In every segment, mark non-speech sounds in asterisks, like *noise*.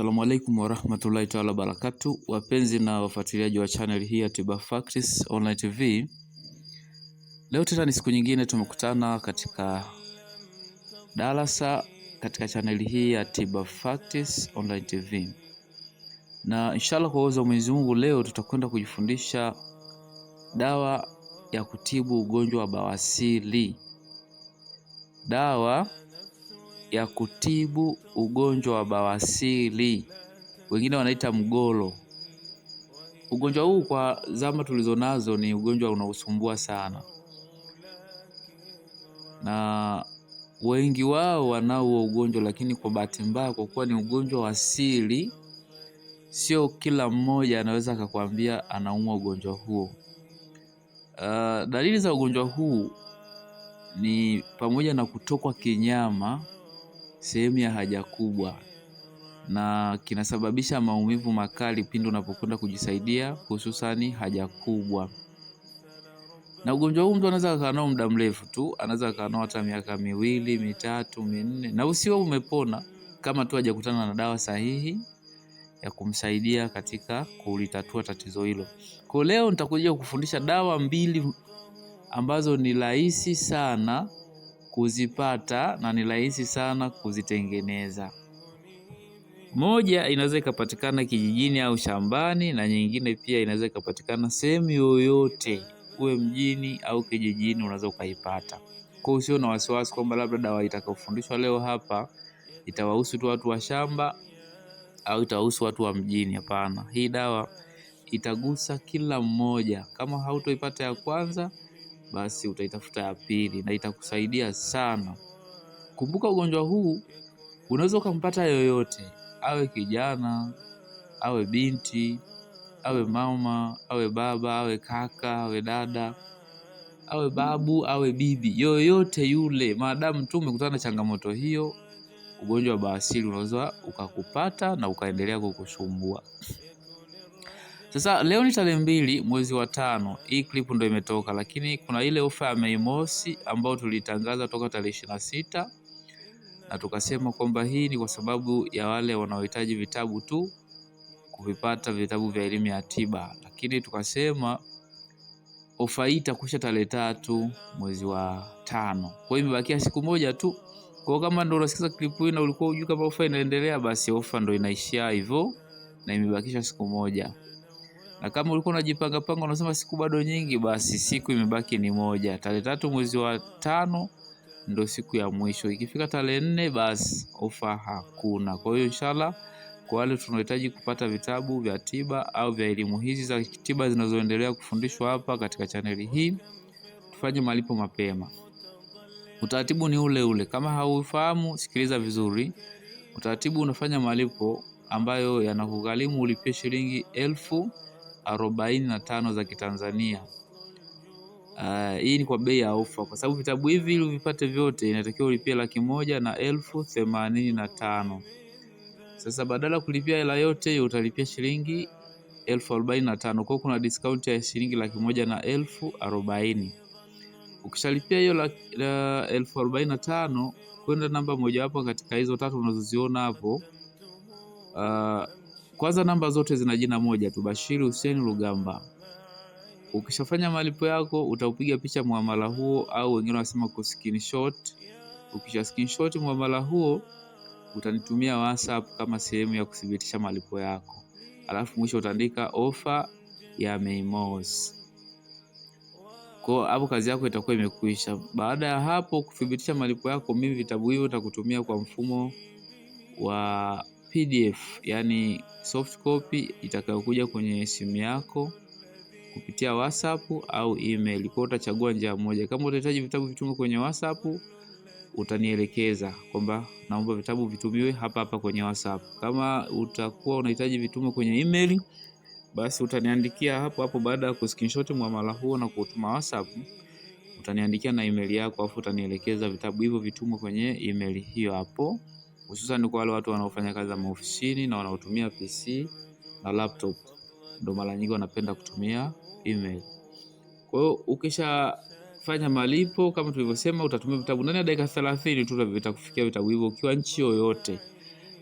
Asalamu alaikum warahmatullahi taala wabarakatu wapenzi na wafuatiliaji wa channel hii ya Tiba Facts Online TV. Leo tena ni siku nyingine tumekutana katika darasa katika chaneli hii ya Tiba Facts Online TV, na inshallah kwa uwezo wa Mwenyezi Mungu leo tutakwenda kujifundisha dawa ya kutibu ugonjwa wa bawasiri. Dawa ya kutibu ugonjwa wa bawasiri, wengine wanaita mgolo. Ugonjwa huu kwa zama tulizonazo ni ugonjwa unaosumbua sana, na wengi wao wanao ugonjwa, lakini kwa bahati mbaya, kwa kuwa ni ugonjwa wa asili, sio kila mmoja anaweza akakwambia anaumwa ugonjwa huo. Uh, dalili za ugonjwa huu ni pamoja na kutokwa kinyama sehemu ya haja kubwa na kinasababisha maumivu makali pindi unapokwenda kujisaidia hususani haja kubwa. Na ugonjwa huu mtu anaweza kukaa nao muda mrefu tu, anaweza kukaa nao hata miaka miwili, mitatu, minne na usiwe umepona kama tu hajakutana na dawa sahihi ya kumsaidia katika kulitatua tatizo hilo. Kwa leo nitakuja kufundisha dawa mbili ambazo ni rahisi sana kuzipata na ni rahisi sana kuzitengeneza. Moja inaweza ikapatikana kijijini au shambani, na nyingine pia inaweza ikapatikana sehemu yoyote, uwe mjini au kijijini, unaweza ukaipata. Kwa hiyo usio na wasiwasi kwamba labda dawa itakayofundishwa leo hapa itawahusu tu watu wa shamba au itawahusu watu wa mjini. Hapana, hii dawa itagusa kila mmoja. Kama hautoipata ya kwanza basi utaitafuta ya pili na itakusaidia sana. Kumbuka ugonjwa huu unaweza ukampata yoyote, awe kijana, awe binti, awe mama, awe baba, awe kaka, awe dada, awe babu, awe bibi, yoyote yule, maadamu tu umekutana na changamoto hiyo, ugonjwa wa bawasiri unaweza ukakupata na ukaendelea kukusumbua. Sasa leo ni tarehe mbili mwezi wa tano, hii clip ndio imetoka, lakini kuna ile ofa ya Mei Mosi ambayo tulitangaza toka tarehe ishirini na sita na tukasema kwamba hii ni kwa sababu ya wale wanaohitaji vitabu tu kuvipata vitabu vya elimu ya tiba, lakini tukasema ofa hii itakwisha tarehe tatu mwezi wa tano. Kwa hiyo imebakia siku moja tu. Kwa kama ndio unasikiza clip hii na ulikuwa unajua kama ofa inaendelea, basi ofa ndio inaishia hivyo na imebakisha siku moja na kama ulikuwa unajipanga panga unasema siku bado nyingi, basi siku imebaki ni moja. Tarehe tatu mwezi wa tano ndo siku ya mwisho. Ikifika tarehe nne, basi ofa hakuna. Kwa hiyo inshallah, kwa wale tunahitaji kupata vitabu vya tiba au vya elimu hizi za tiba zinazoendelea kufundishwa hapa katika chaneli hii, tufanye malipo mapema. Utaratibu ni ule ule, kama haufahamu sikiliza vizuri. Utaratibu unafanya malipo ambayo yanakugharimu ulipie shilingi elfu arobaini na tano za Kitanzania. Uh, hii ni kwa bei ya ofa, kwa sababu vitabu hivi ili vipate vyote inatakiwa ulipia laki moja na elfu themanini na tano. Sasa badala ya kulipia hela yote utalipia shilingi elfu arobaini na tano. Kwa kuna discount ya shilingi laki moja na elfu arobaini. Ukishalipia hiyo elfu arobaini na tano kwenda namba mojawapo katika hizo tatu unazoziona hapo, uh, kwanza namba zote zina jina moja tu, Bashiri Hussein Lugamba. Ukishafanya malipo yako utaupiga picha muamala huo, au wengine wanasema ku screenshot. Ukisha screenshot muamala huo utanitumia WhatsApp kama sehemu ya kuthibitisha malipo yako, alafu mwisho utaandika ofa ya Mei Kwa hapo kazi yako itakuwa imekwisha. Baada ya hapo kuthibitisha malipo yako, mimi vitabu hivyo nitakutumia kwa mfumo wa PDF yani soft copy itakayokuja kwenye simu yako kupitia WhatsApp au email. Kwa utachagua njia moja. Kama utahitaji vitabu vitume kwenye WhatsApp, utanielekeza kwamba naomba vitabu vitumiwe hapa hapa kwenye WhatsApp. Kama utakuwa unahitaji vitume kwenye email, basi utaniandikia hapo hapo baada ya kuscreenshot muamala huo na kutuma WhatsApp, utaniandikia na email yako, afu utanielekeza vitabu hivyo vitumwe kwenye email hiyo hapo hususan kwa wale watu wanaofanya kazi za maofisini na wanaotumia PC na laptop, ndo mara nyingi wanapenda kutumia email. Kwa hiyo ukishafanya malipo kama tulivyosema, utatumia vitabu ndani ya dakika 30 tu vitakufikia vitabu hivyo ukiwa nchi yoyote.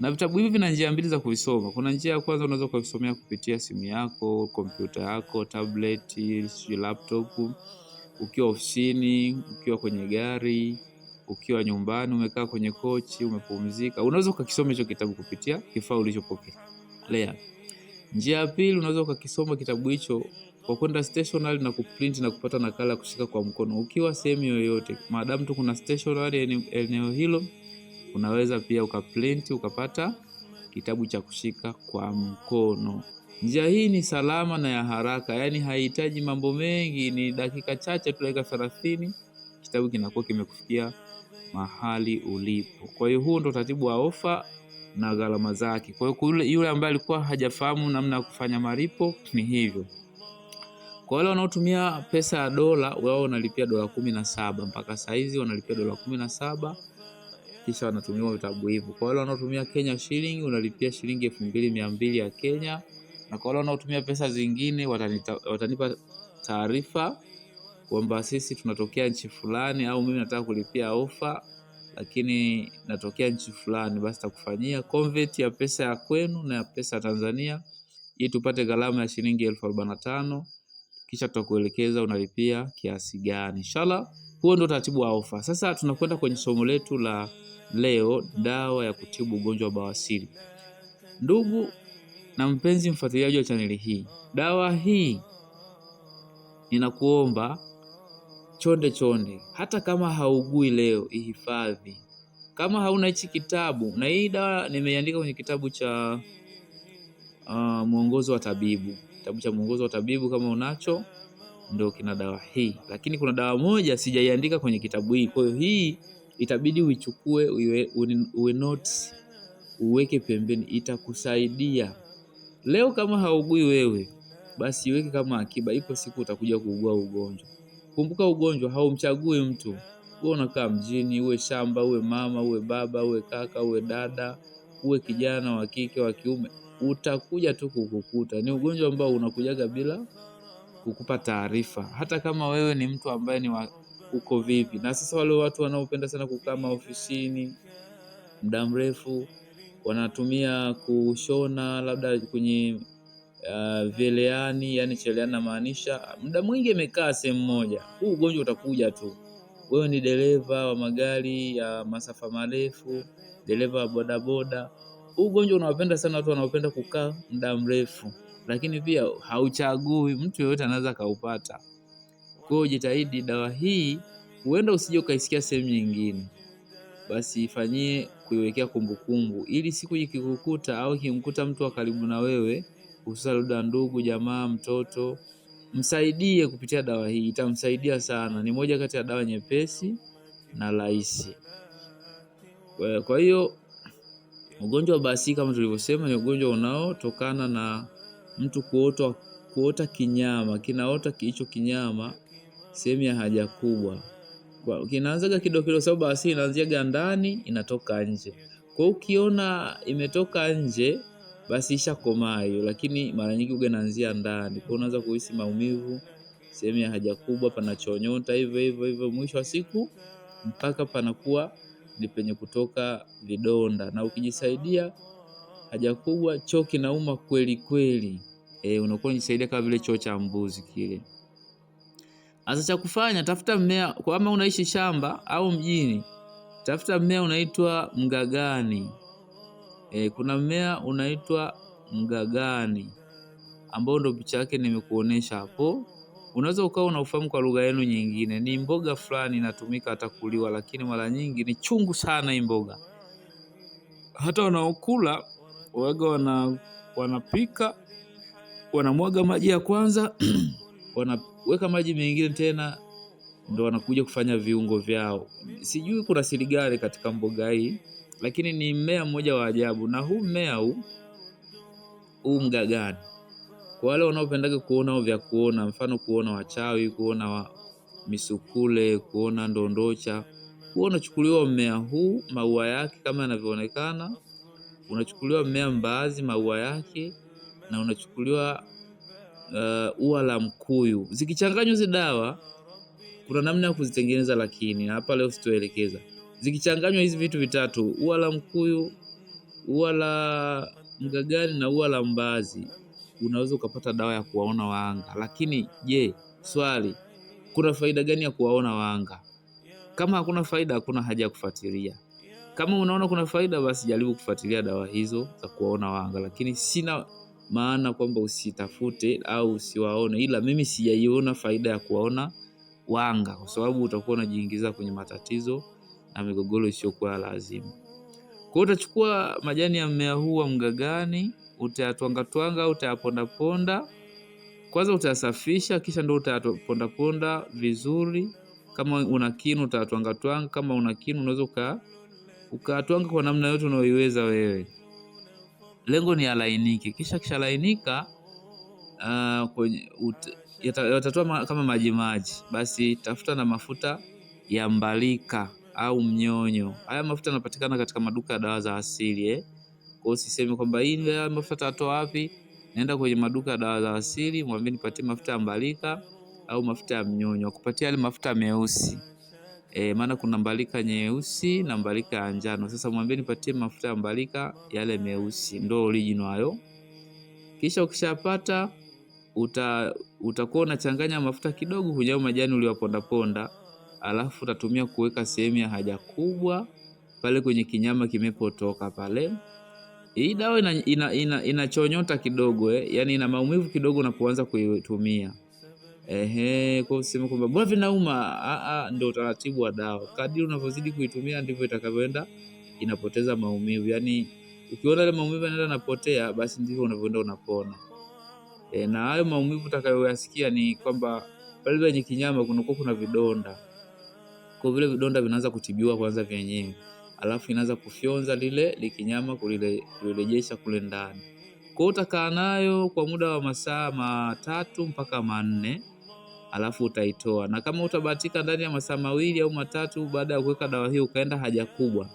Na vitabu hivi vina njia mbili za kuvisoma. Kuna njia ya kwanza unaweza kuvisomea kupitia simu yako, kompyuta yako, tablet, laptop, ukiwa ofisini, ukiwa kwenye gari ukiwa nyumbani umekaa kwenye kochi umepumzika, unaweza ukakisoma hicho kitabu kupitia kifaa ulichopokea. Layer. Njia ya pili, unaweza ukakisoma kitabu hicho kwa kwenda stationery na kuprint na kupata nakala ya kushika kwa mkono ukiwa sehemu yoyote, maadamu tu kuna stationery eneo hilo, unaweza pia ukaprint ukapata kitabu cha kushika kwa mkono. Njia hii ni salama na ya haraka, yaani haihitaji mambo mengi, ni dakika chache tu, dakika 30 kitabu kinakuwa kimekufikia mahali ulipo. Kwa hiyo huo ndo utaratibu wa ofa na gharama zake. Kwa hiyo yule, yule ambaye alikuwa hajafahamu namna ya kufanya malipo ni hivyo. Kwa wale wanaotumia pesa ya dola, wao wanalipia dola kumi na saba mpaka saizi wanalipia dola kumi na saba kisha wanatumiwa vitabu hivyo. Kwa wale wanaotumia Kenya shilingi unalipia shilingi elfu mbili mia mbili ya Kenya, na kwa wale wanaotumia pesa zingine watanipa taarifa kwamba sisi tunatokea nchi fulani au mimi nataka kulipia ofa lakini natokea nchi fulani, basi takufanyia convert ya pesa ya kwenu na ya pesa ya Tanzania ili tupate gharama ya shilingi elfu arobaini na tano kisha tutakuelekeza unalipia kiasi gani. Inshallah, huo ndio taratibu wa ofa. Sasa tunakwenda kwenye somo letu la leo, dawa ya kutibu ugonjwa wa bawasiri. Ndugu na mpenzi mfuatiliaji wa chaneli hii, dawa hii ninakuomba chonde chonde. Hata kama haugui leo, ihifadhi. Kama hauna hichi kitabu, na hii dawa nimeiandika kwenye kitabu cha uh, mwongozo wa tabibu, kitabu cha mwongozo wa tabibu. Kama unacho ndio kina dawa hii, lakini kuna dawa moja sijaiandika kwenye kitabu hii. Kwa hiyo hii itabidi uichukue, uwe, notes, uweke pembeni, itakusaidia leo. Kama haugui wewe, basi iweke kama akiba, ipo siku utakuja kuugua ugonjwa. Kumbuka, ugonjwa haumchagui mtu. Uwe unakaa mjini, uwe shamba, uwe mama, uwe baba, uwe kaka, uwe dada, uwe kijana wa kike, wa kiume, utakuja tu kukukuta. Ni ugonjwa ambao unakujaga bila kukupa taarifa, hata kama wewe ni mtu ambaye ni wa uko vipi. Na sasa wale watu wanaopenda sana kukaa maofisini muda mrefu, wanatumia kushona labda kwenye uh, eh, veleani, yani cheleana yaani namaanisha muda mwingi amekaa sehemu moja. Huu ugonjwa utakuja tu. Wewe ni dereva wa magari ya masafa marefu, dereva wa bodaboda, huu ugonjwa unawapenda sana watu wanaopenda kukaa muda mrefu, lakini pia hauchagui, mtu yeyote anaweza kaupata. Kwa hiyo jitahidi, dawa hii huenda usije ukaisikia sehemu nyingine, basi ifanyie kuiwekea kumbukumbu, ili siku ikikukuta au ikimkuta mtu wa karibu na wewe hususan labda ndugu, jamaa, mtoto, msaidie kupitia dawa hii, itamsaidia sana. Ni moja kati ya dawa nyepesi na rahisi. Eh, kwa hiyo ugonjwa wa basi kama tulivyosema ni ugonjwa unaotokana na mtu kuota, kuota kinyama kinaota hicho kinyama sehemu ya haja kubwa, kinaanzaga kidogo kidogo, sababu basi inaanziaga ndani inatoka nje. Kwa hiyo ukiona imetoka nje basi ishakomaa hiyo, lakini mara nyingi uga inaanzia ndani, kwa unaanza kuhisi maumivu sehemu ya haja kubwa, panachonyota hivyo hivyo hivyo, mwisho wa siku mpaka panakuwa ni penye kutoka vidonda, na ukijisaidia haja kubwa, choo kinauma kweli kweli. E, unakuwa unajisaidia kama vile choo cha mbuzi kile. Sasa cha kufanya, tafuta mmea kama unaishi shamba au mjini, tafuta mmea unaitwa mgagani. E, kuna mmea unaitwa mgagani ambao ndio picha yake nimekuonesha hapo. Unaweza ukawa unaufahamu kwa lugha yenu nyingine. Ni mboga fulani inatumika hata kuliwa, lakini mara nyingi ni chungu sana hii mboga. Hata wanaokula waga wana wanapika wanamwaga maji ya kwanza *clears throat* wanaweka maji mengine tena ndo wanakuja kufanya viungo vyao. Sijui kuna siri gani katika mboga hii lakini ni mmea mmoja wa ajabu, na huu mmea huu huu mgagani, kwa wale wanaopendaga kuona vya kuona, mfano kuona wachawi, kuona wa misukule, kuona ndondocha, huwa unachukuliwa mmea huu maua yake kama yanavyoonekana, unachukuliwa mmea mbaazi maua yake, na unachukuliwa uh, ua la mkuyu, zikichanganywa hizi dawa kuna namna ya kuzitengeneza, lakini hapa leo sitoelekeza. Zikichanganywa hizi vitu vitatu, ua la mkuyu, ua la mgagani na ua la mbaazi, unaweza ukapata dawa ya kuwaona waanga. Lakini je, swali, kuna faida gani ya kuwaona waanga? Kama hakuna faida, hakuna haja ya kufuatilia. Kama unaona kuna faida, basi jaribu kufuatilia dawa hizo za kuwaona waanga, lakini sina maana kwamba usitafute au usiwaone, ila mimi sijaiona faida ya kuwaona wanga kwa sababu utakuwa unajiingiza kwenye matatizo na migogoro isiyokuwa ya lazima. Kwa hiyo utachukua majani ya mmea huu wa mgagani, utayatwangatwanga, utayapondaponda. Kwanza utayasafisha, kisha ndio utayapondaponda vizuri. Kama una kinu utatwangatwanga, kama una kinu unaweza ukatwanga kwa namna yote unayoiweza wewe. Lengo ni alainike, kisha kishalainika uh, yatatoa kama maji maji, basi tafuta na mafuta ya mbalika au mnyonyo. Haya mafuta yanapatikana katika maduka ya dawa za asili eh. Kwa hiyo sisemi kwamba hii haya mafuta yatoa wapi, naenda kwenye maduka ya dawa za asili, mwambie nipatie mafuta ya mbalika au mafuta ya mnyonyo, akupatia yale mafuta meusi e, maana kuna mbalika nyeusi na mbalika ya njano. Sasa mwambie nipatie mafuta ya mbalika yale meusi, ndo original hayo. Kisha ukishapata uta utakuwa unachanganya mafuta kidogo kwenye majani uliyopondaponda alafu utatumia kuweka sehemu ya haja kubwa pale kwenye kinyama kimepotoka pale. Hii dawa ina, ina, ina, ina kidogo eh, Yani ina maumivu kidogo unapoanza kuitumia. Ehe, kwa sema kwamba bwana vinauma, a a, ndio utaratibu wa dawa. Kadiri unavyozidi kuitumia ndivyo itakavyoenda inapoteza maumivu. Yaani ukiona ile maumivu yanaenda napotea, basi ndivyo unavyoenda unapona. E, na hayo maumivu utakayoyasikia ni kwamba pale kwenye kinyama kunakuwa kuna vidonda. Kwa vile vidonda vinaanza kutibiwa kwanza vyenyewe, alafu inaanza kufyonza lile likinyama kulirejesha kule ndani. Kwa utakaa nayo kwa muda wa masaa matatu mpaka manne, alafu utaitoa, na kama utabahatika ndani ya masaa mawili au matatu baada ya kuweka dawa hiyo ukaenda haja kubwa,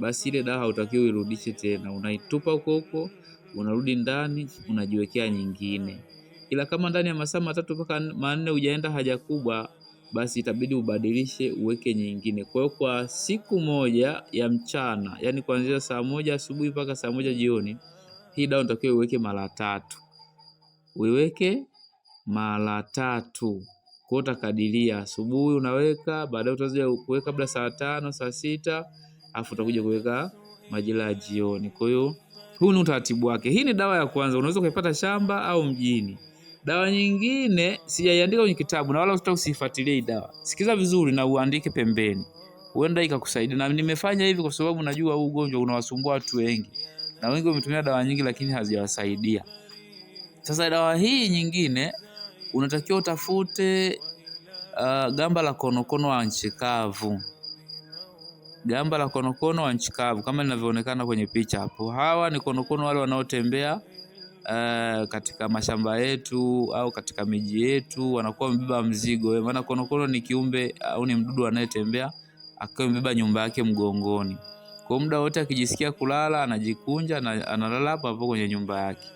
basi ile dawa hautakiwi uirudishe tena, unaitupa huko huko, unarudi ndani unajiwekea nyingine. Ila kama ndani ya masaa matatu mpaka manne hujaenda haja kubwa, basi itabidi ubadilishe uweke nyingine. Kwa hiyo kwa siku moja ya mchana, yani kuanzia saa moja asubuhi mpaka saa moja jioni, hii dawa unatakiwa uweke mara tatu, uiweke mara tatu. Kwa utakadiria asubuhi unaweka, baadaye utaanza kuweka kabla saa tano, saa sita, afu utakuja kuweka majira ya jioni. Kwa hiyo huu ni utaratibu wake. Hii ni dawa ya kwanza, unaweza kuipata shamba au mjini. Dawa nyingine sijaiandika kwenye kitabu na wala usitaka usifuatilie dawa. Sikiza vizuri na uandike pembeni. Huenda ikakusaidia. Na nimefanya hivi kwa sababu najua huu ugonjwa unawasumbua watu wengi. Na wengi wametumia dawa nyingi lakini hazijawasaidia. Sasa dawa hii nyingine unatakiwa utafute uh, gamba la konokono wa nchi kavu. Gamba la konokono wa nchi kavu kama linavyoonekana kwenye picha hapo. Hawa ni konokono wale wanaotembea uh, katika mashamba yetu au katika miji yetu, wanakuwa wamebeba mzigo. Eh, maana konokono ni kiumbe au ni mdudu anayetembea akiwa amebeba nyumba yake mgongoni. Kwa muda wote akijisikia kulala anajikunja na analala hapo hapo kwenye nyumba yake.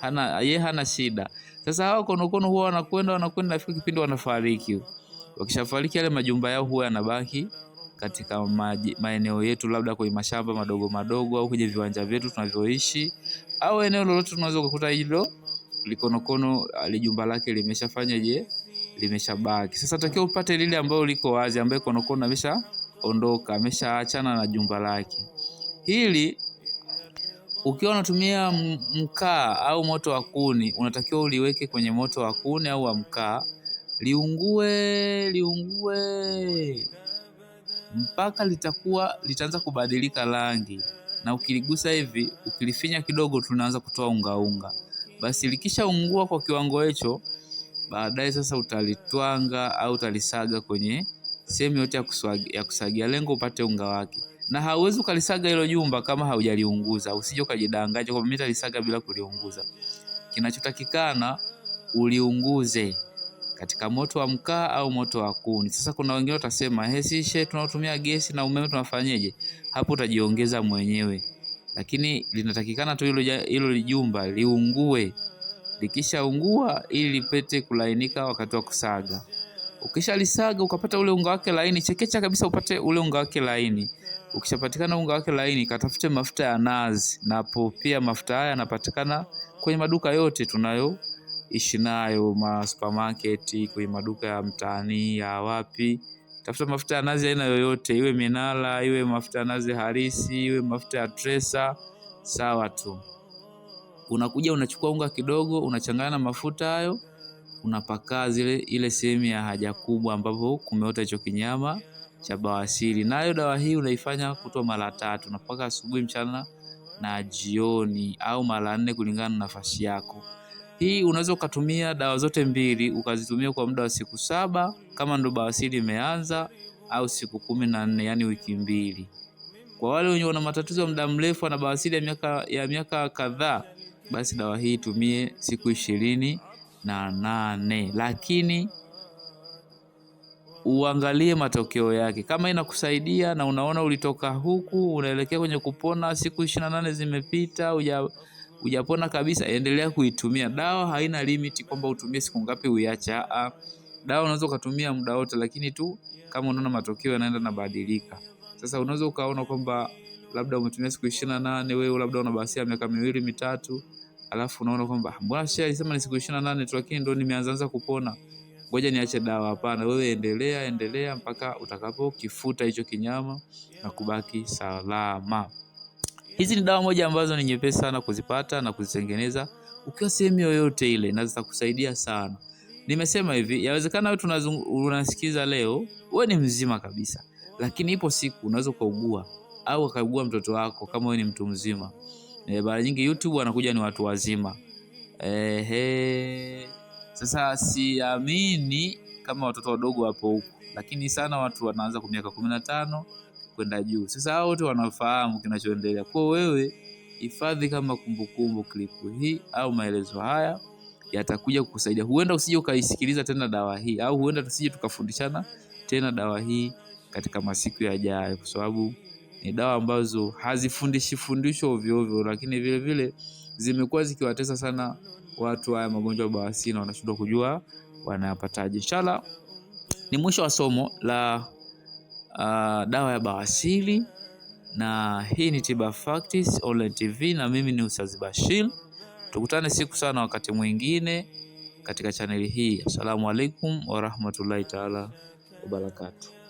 Hana yeye hana shida. Sasa hao konokono huwa wanakwenda wanakwenda, nafika kipindi wanafariki. Wakishafariki yale majumba yao huwa yanabaki katika maeneo yetu, labda kwenye mashamba madogo madogo au kwenye viwanja vyetu tunavyoishi au eneo lolote tunaweza kukuta hilo likonokono ah, jumba lake limeshafanyaje, limeshabaki. Sasa takiwa upate lile ambayo liko wazi, ambaye konokono ondoka ameshaachana na jumba lake hili. Ukiwa unatumia mkaa au moto wa kuni, unatakiwa uliweke kwenye moto wa kuni au wa mkaa, liungue liungue mpaka litakuwa litaanza kubadilika rangi na ukiligusa hivi, ukilifinya kidogo, tunaanza kutoa unga unga. Basi likishaungua kwa kiwango hicho, baadaye sasa utalitwanga au utalisaga kwenye sehemu yote ya kusagia, ya kusagia, lengo upate unga wake. Na hauwezi ukalisaga hilo jumba kama haujaliunguza, usije ukajidanganya kwamba mimi nitalisaga bila kuliunguza. Kinachotakikana uliunguze katika moto wa mkaa au moto wa kuni. Sasa kuna wengine watasema eh, hesishe, tunaotumia gesi na umeme tunafanyeje? Hapo utajiongeza mwenyewe, lakini linatakikana tu hilo jumba liungue. Likishaungua ili lipete kulainika wakati wa kusaga. Ukishalisaga ukapata ule unga wake laini, chekecha kabisa upate ule unga wake laini. Ukishapatikana unga wake laini, katafute mafuta ya nazi, na pia mafuta haya yanapatikana kwenye maduka yote tunayo ishi nayo ma supermarket, kwenye maduka ya mtaani ya wapi. Tafuta mafuta ya nazi aina yoyote, iwe minala iwe mafuta ya nazi halisi, iwe mafuta ya Tresa, sawa tu. Unakuja unachukua unga kidogo, unachanganya na mafuta hayo, unapakaa zile ile sehemu ya haja kubwa ambapo kumeota hicho kinyama cha bawasiri. Nayo dawa hii unaifanya kutwa mara tatu, unapaka asubuhi, mchana na jioni, au mara nne kulingana na nafasi yako. Hii unaweza ukatumia dawa zote mbili ukazitumia kwa muda wa siku saba kama ndo bawasiri imeanza au siku kumi na nne yani wiki mbili. Kwa wale wenye wana matatizo ya muda mrefu na bawasiri ya miaka ya miaka kadhaa, basi dawa hii itumie siku ishirini na nane lakini uangalie matokeo yake. Kama inakusaidia na unaona ulitoka huku unaelekea kwenye kupona, siku ishirini na nane zimepita uja hujapona kabisa, endelea kuitumia. Dawa haina limiti kwamba utumie siku ngapi uiache. Ah, ah. Dawa unaweza ukatumia muda wote, lakini tu kama unaona matokeo yanaenda nabadilika. Sasa unaweza ukaona kwamba labda umetumia siku ishirini na nane wewe labda una miaka miwili mitatu, alafu unaona kwamba ah, mbona shia alisema ni siku ishirini na nane tu, lakini ndo nimeanza kupona, ngoja niache dawa. Hapana, wewe endelea, endelea mpaka utakapokifuta hicho kinyama na kubaki salama. Hizi ni dawa moja ambazo ni nyepesi sana kuzipata na kuzitengeneza ukiwa sehemu yoyote ile, na zitakusaidia sana. Nimesema hivi, yawezekana wewe unasikiza leo, wewe ni mzima kabisa, lakini ipo siku unaweza ukaugua au akaugua mtoto wako, kama wewe ni mtu mzima. Eh, mara nyingi YouTube wanakuja ni watu wazima. Ehe, sasa siamini kama watoto wadogo hapo huko, lakini sana watu wanaanza kwa miaka kumi na tano kwenda juu. Sasa hao wote wanafahamu kinachoendelea. Kwa wewe hifadhi kama kumbukumbu klipu hii au maelezo haya yatakuja kukusaidia. Huenda usije ukaisikiliza tena dawa hii au huenda tusije tukafundishana tena dawa hii katika masiku yajayo, kwa sababu ni dawa ambazo hazifundishi fundisho ovyo ovyo, lakini vile vile zimekuwa zikiwatesa sana watu haya magonjwa bawasiri, na wanashindwa kujua wanayapataje. Inshallah ni mwisho wa somo la uh, dawa ya bawasili na hii ni Tiba Facts Online TV na mimi ni Ustadh Bashir. Tukutane siku sana wakati mwingine katika chaneli hii. Assalamu alaikum warahmatullahi taala wabarakatuh.